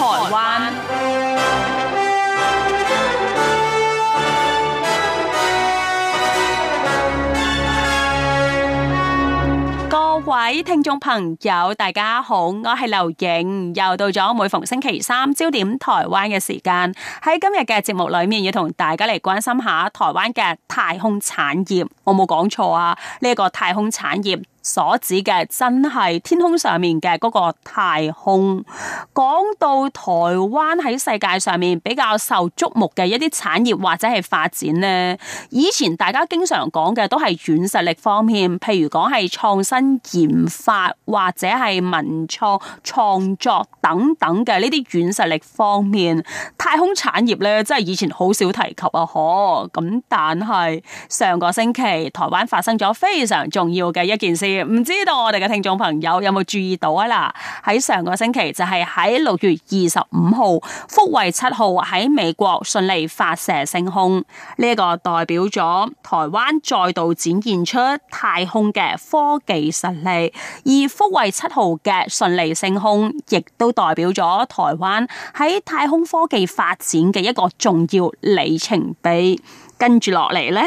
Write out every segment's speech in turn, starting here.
台灣各位聽眾朋友，大家好，我係劉瑩，又到咗每逢星期三焦點台灣嘅時間。喺今日嘅節目裏面，要同大家嚟關心下台灣嘅太空產業。我冇講錯啊，呢個太空產業。所指嘅真係天空上面嘅個太空。講到台灣喺世界上面比較受矚目嘅一啲產業或者係發展咧，以前大家經常講嘅都係軟實力方面，譬如講係創新研發或者係文創創作等等嘅呢啲軟實力方面。太空產業咧，真係以前好少提及啊！嗬，咁，但係上個星期台灣發生咗非常重要嘅一件事。唔知道我哋嘅聽眾朋友有冇注意到啊啦？喺上個星期就係喺六月二十五號，福衛七號喺美國順利發射升空，呢個代表咗台灣再度展現出太空嘅科技實力。而福衛七號嘅順利升空，亦都代表咗台灣喺太空科技發展嘅一個重要里程碑。跟住落嚟咧，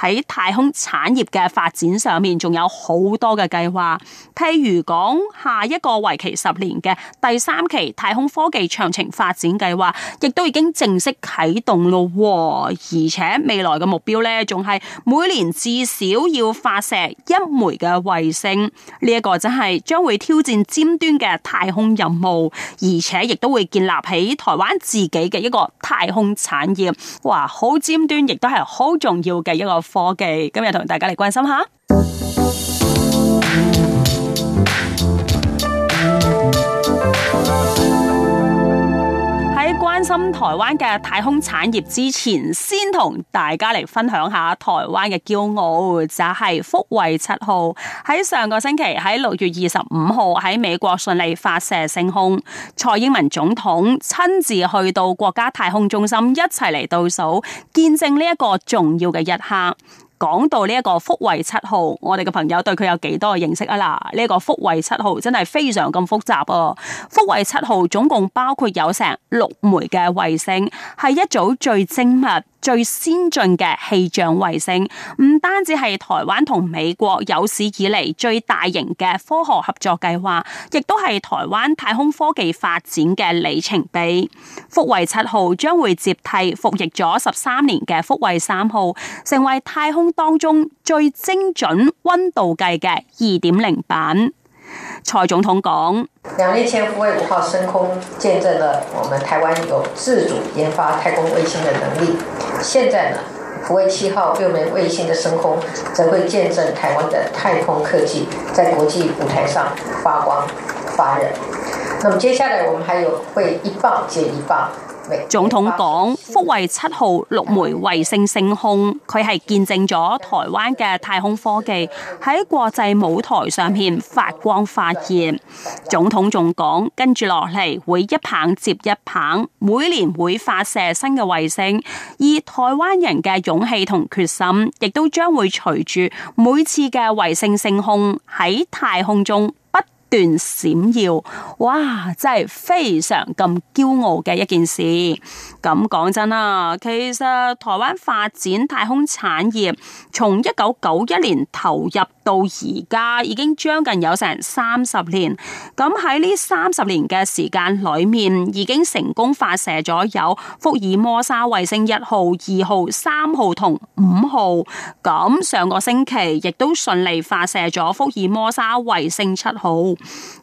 喺太空產業嘅發展上面，仲有好多嘅計劃。譬如講下一個為期十年嘅第三期太空科技長程發展計劃，亦都已經正式啟動咯、哦。而且未來嘅目標咧，仲係每年至少要發射一枚嘅衛星。呢、這、一個真係將會挑戰尖端嘅太空任務，而且亦都會建立起台灣自己嘅一個太空產業。哇，好尖端，亦都係好重要嘅一個科技，今日同大家嚟關心下。深台灣嘅太空產業之前，先同大家嚟分享下台灣嘅驕傲，就係福衛七號喺上個星期喺六月二十五號喺美國順利發射升空，蔡英文總統親自去到國家太空中心一齊嚟倒數，見證呢一個重要嘅一刻。講到呢一個福衛七號，我哋嘅朋友對佢有幾多嘅認識啊？嗱，呢個福衛七號真係非常咁複雜啊。福衛七號總共包括有成六枚嘅衛星，係一組最精密、最先進嘅氣象衛星。唔單止係台灣同美國有史以嚟最大型嘅科學合作計劃，亦都係台灣太空科技發展嘅里程碑。福衛七號將會接替服役咗十三年嘅福衛三號，成為太空。當中最精準溫度計嘅二點零版，蔡總統講，兩年前福衛五號升空，見證了我們台灣有自主研發太空衛星的能力。現在呢，福衛七號六枚衛星的升空，則會見證台灣的太空科技在國際舞台上發光發熱。那麼接下來，我們還有會一棒接一棒。總統講，福衛七號六枚衛星升空，佢係見證咗台灣嘅太空科技喺國際舞台上面發光發熱。總統仲講，跟住落嚟會一棒接一棒，每年會發射新嘅衛星，而台灣人嘅勇氣同決心，亦都將會隨住每次嘅衛星升空喺太空中。段閃耀，哇！真係非常咁驕傲嘅一件事。咁講真啦，其實台灣發展太空產業，從一九九一年投入到而家，已經將近有成三十年。咁喺呢三十年嘅時間裏面，已經成功發射咗有福爾摩沙衛星一號、二號、三號同五號。咁上個星期亦都順利發射咗福爾摩沙衛星七號。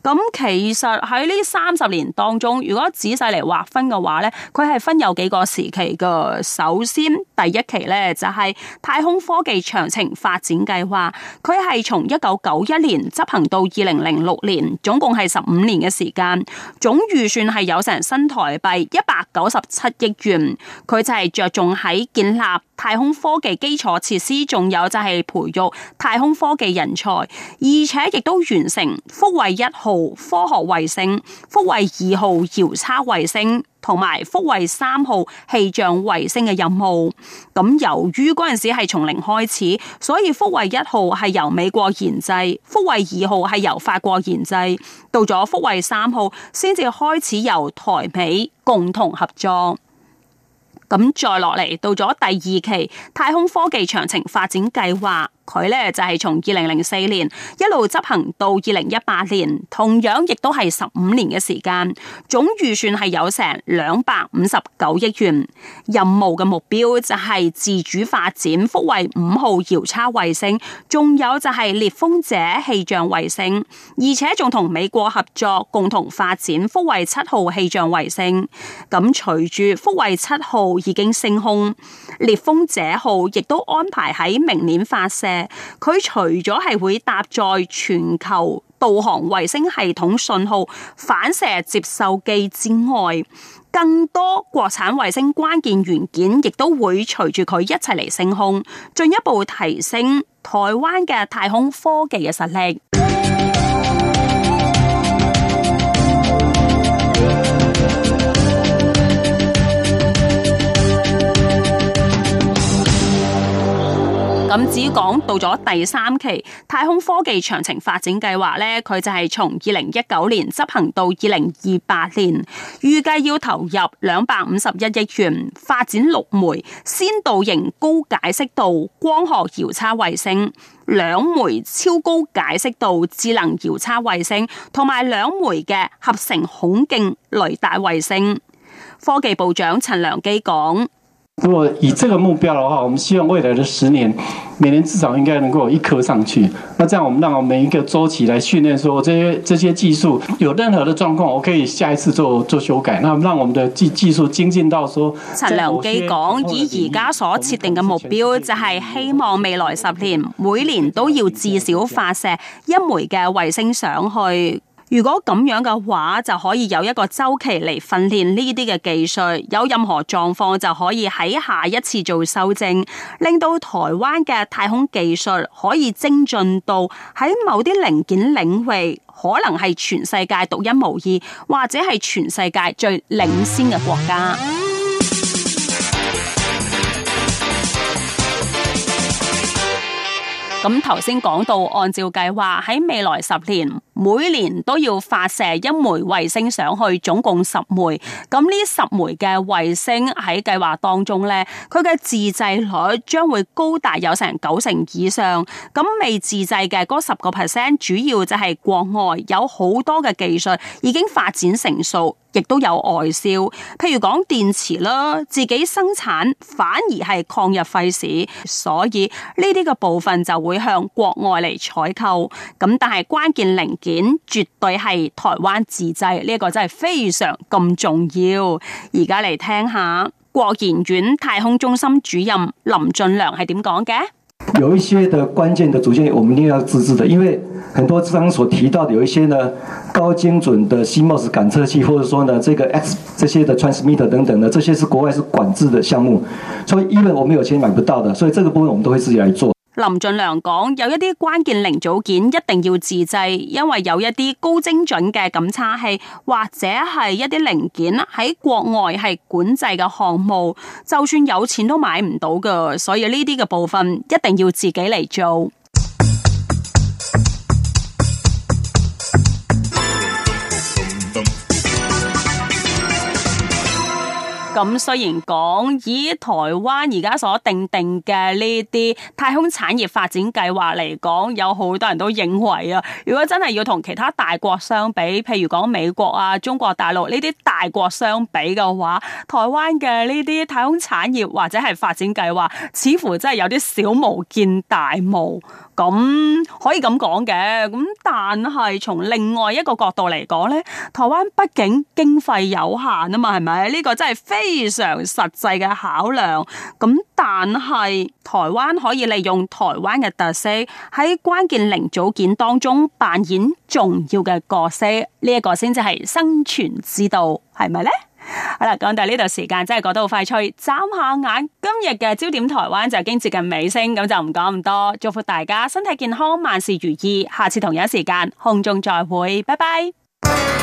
咁其實喺呢三十年當中，如果仔細嚟劃分嘅話呢，佢係分有幾個時期嘅。首先，第一期呢就係、是、太空科技長程發展計劃，佢係從一九九一年執行到二零零六年，總共係十五年嘅時間，總預算係有成新台幣一百九十七億元。佢就係着重喺建立太空科技基礎設施，仲有就係培育太空科技人才，而且亦都完成福衛。福衛一號科學衛星、福衛二號遙測衛星同埋和福衛三號氣象衛星嘅任務，咁由於嗰陣時係從零開始，所以福衛一號係由美國研製，福衛二號係由法國研製，到咗福衛三號先至開始由台美共同合作。咁再落嚟到咗第二期太空科技長程發展計劃。佢呢就係從二零零四年一路執行到二零一八年，同樣亦都係十五年嘅時間，總預算係有成兩百五十九億元。任務嘅目標就係自主發展福衛五號遙測衛星，仲有就係獵風者氣象衛星，而且仲同美國合作共同發展福衛七號氣象衛星。咁隨住福衛七號已經升空，獵風者號亦都安排喺明年發射。佢除咗係會搭載全球導航衛星系統信號反射接收機，之外，更多國產衛星關鍵元件亦都會隨住佢一齊嚟升空，進一步提升台灣嘅太空科技嘅實力。咁至於講到咗第三期太空科技長程發展計劃呢，佢就係從二零一九年執行到二零二八年，預計要投入兩百五十一億元發展六枚先導型高解釋度光學遙測衛星、兩枚超高解釋度智能遙測衛星同埋兩枚嘅合成孔徑雷達衛星。科技部長陳良基講。如果以這個目標嘅話，我們希望未來的十年，每年至少應該能夠有一顆上去。那這樣，我們讓我們每一個周期來訓練說，說這些這些技術有任何的狀況，我可以下一次做做修改。那讓我們的技技術精進到說，陳良基講，以而家所設定嘅目標，就係希望未來十年每年都要至少發射一枚嘅衛星上去。如果咁樣嘅話，就可以有一個周期嚟訓練呢啲嘅技術，有任何狀況就可以喺下一次做修正，令到台灣嘅太空技術可以精進到喺某啲零件領域，可能係全世界獨一無二，或者係全世界最領先嘅國家。咁頭先講到，按照計劃，喺未來十年。每年都要發射一枚衛星上去，總共十枚。咁呢十枚嘅衛星喺計劃當中咧，佢嘅自製率將會高達有成九成以上。咁未自製嘅嗰十個 percent，主要就係國外有好多嘅技術已經發展成熟，亦都有外銷。譬如講電池啦，自己生產反而係曠日廢時，所以呢啲嘅部分就會向國外嚟採購。咁但係關鍵零。件絕對係台灣自製，呢一個真係非常咁重要。而家嚟聽下國研院太空中心主任林俊良係點講嘅？有一些的關鍵的組件，我們一定要自製的，因為很多剛剛所提到的，有一些呢高精準的 CMOS 感測器，或者說呢這個 X 這些的 transmitter 等等呢，這些是國外是管制的項目，所以因為我們有錢買不到的，所以這個部分我們都會自己來做。林俊良講：有一啲關鍵零組件一定要自製，因為有一啲高精準嘅感測器或者係一啲零件喺國外係管制嘅項目，就算有錢都買唔到㗎，所以呢啲嘅部分一定要自己嚟做。咁雖然講，以台灣而家所定定嘅呢啲太空產業發展計劃嚟講，有好多人都認為啊，如果真係要同其他大國相比，譬如講美國啊、中國大陸呢啲大國相比嘅話，台灣嘅呢啲太空產業或者係發展計劃，似乎真係有啲小巫見大巫。咁可以咁講嘅，咁但係從另外一個角度嚟講呢，台灣畢竟經費有限啊嘛，係咪？呢個真係非常實際嘅考量。咁但係台灣可以利用台灣嘅特色喺關鍵零組件當中扮演重要嘅角色，呢一個先至係生存之道，係咪呢？好啦，講到呢度時間真係過得好快脆，眨下眼今日嘅焦點台灣就已經接近尾聲，咁就唔講咁多，祝福大家身體健康，萬事如意，下次同樣時間空中再會，拜拜。